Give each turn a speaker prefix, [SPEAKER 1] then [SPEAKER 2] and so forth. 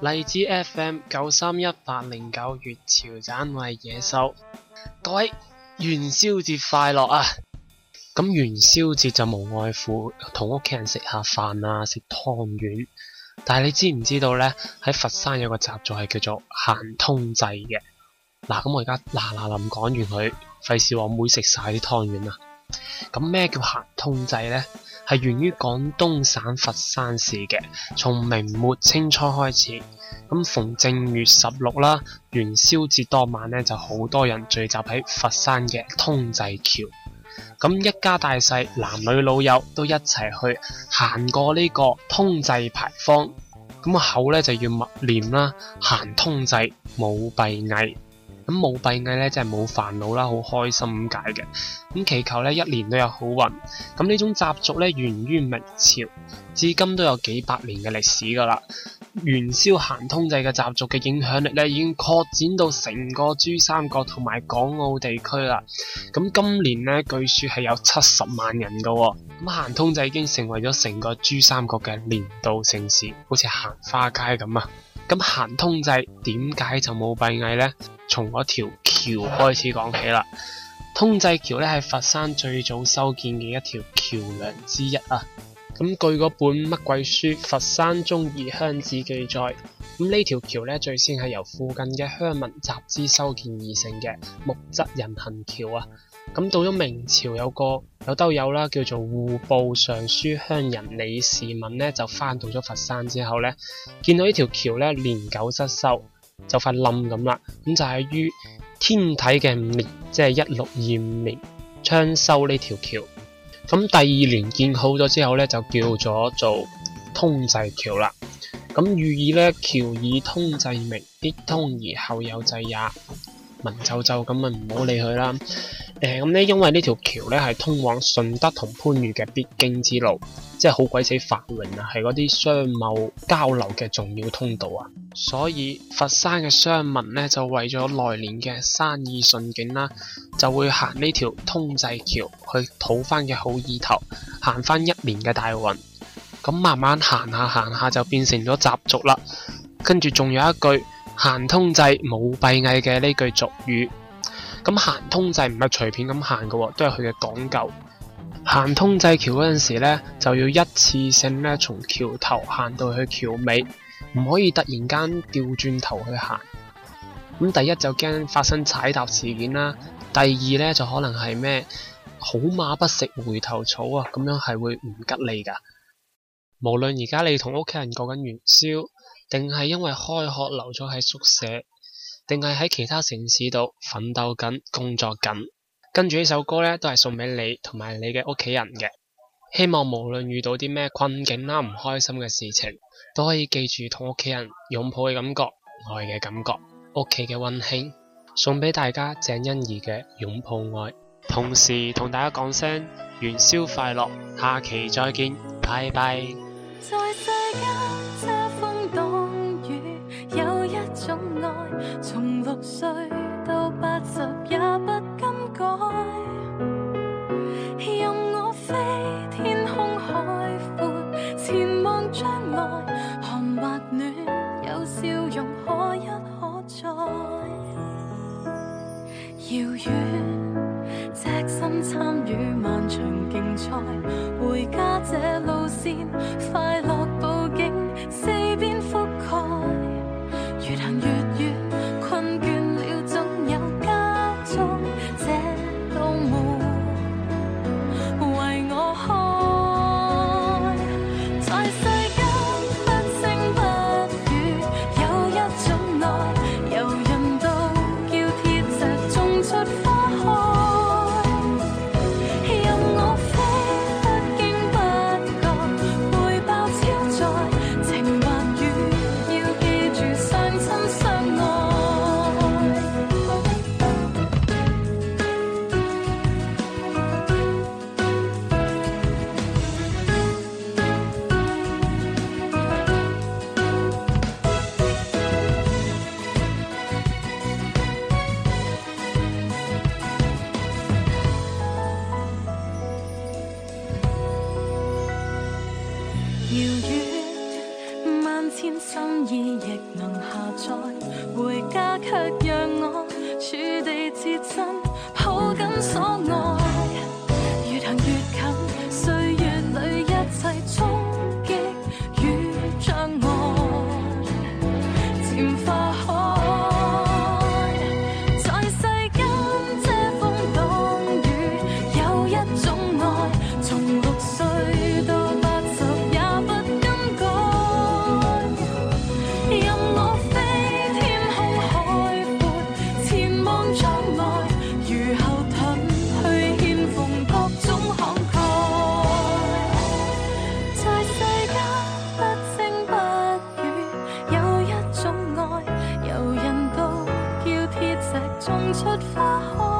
[SPEAKER 1] 荔枝 FM 九三一八零九粵潮站為野收，各位元宵節快樂啊！咁元宵節就無外乎同屋企人食下飯啊，食湯圓。但係你知唔知道呢？喺佛山有個習俗係叫做行通濟嘅。嗱，咁我而家嗱嗱臨講完佢，費事我阿妹食晒啲湯圓啊！咁咩叫行通濟呢？係源於廣東省佛山市嘅，從明末清初開始，咁逢正月十六啦、元宵節當晚咧，就好多人聚集喺佛山嘅通濟橋，咁一家大細、男女老友都一齊去行過呢個通濟牌坊，咁口咧就要默念啦：行通濟，冇閉翳。咁冇閉翳咧，真係冇煩惱啦，好開心解嘅。咁祈求咧，一年都有好運。咁呢種習俗咧，源於明朝，至今都有幾百年嘅歷史噶啦。元宵行通濟嘅習俗嘅影響力咧，已經擴展到成個珠三角同埋港澳地區啦。咁今年咧，據說係有七十萬人噶。咁行通濟已經成為咗成個珠三角嘅年度盛事，好似行花街咁啊！咁行通濟點解就冇閉翳呢？從嗰條橋開始講起啦。通濟橋咧，係佛山最早修建嘅一條橋梁之一啊。咁據嗰本乜鬼書《佛山忠義鄉志》記載，咁呢條橋咧，最先係由附近嘅鄉民集資修建而成嘅木質人行橋啊。咁到咗明朝有，有個有都有啦，叫做戶部尚書鄉人李士敏呢，就翻到咗佛山之後呢，見到條橋呢條橋呢年久失修，就快冧咁啦。咁就係於天啟嘅五年，即係一六二五年，昌修呢條橋。咁第二年建好咗之後呢，就叫咗做通濟橋啦。咁寓意呢橋以通濟名，必通而後有濟也。文縐縐咁咪唔好理佢啦。誒，咁咧、嗯，因為呢條橋咧係通往順德同番禺嘅必經之路，即係好鬼死繁榮啊，係嗰啲商貿交流嘅重要通道啊，所以佛山嘅商民咧就為咗來年嘅生意順景啦，就會行呢條通濟橋去討翻嘅好意頭，行翻一年嘅大運，咁慢慢行下行下就變成咗習俗啦，跟住仲有一句行通濟冇閉翳嘅呢句俗語。咁行通濟唔係隨便咁行嘅喎，都係佢嘅講究。行通濟橋嗰陣時呢，就要一次性呢，從橋頭行到去橋尾，唔可以突然間掉轉頭去行。咁第一就驚發生踩踏事件啦，第二呢，就可能係咩好馬不食回頭草啊，咁樣係會唔吉利噶。無論而家你同屋企人過緊元宵，定係因為開學留咗喺宿舍，定係喺其他城市度奮鬥緊、工作緊，跟住呢首歌呢，都係送俾你同埋你嘅屋企人嘅。希望無論遇到啲咩困境啦、唔開心嘅事情，都可以記住同屋企人擁抱嘅感覺、愛嘅感覺、屋企嘅溫馨。送俾大家鄭欣宜嘅擁抱愛，同時同大家講聲元宵快樂，下期再見，拜拜。
[SPEAKER 2] 從六歲到八十也不更改，任我飛，天空海闊，前望將來，寒或暖，有笑容可一可再。遙遠，隻身參與漫長競賽，回家這路線，快樂，心意亦能下載，回家卻讓我處地至真，抱緊所愛。出花海。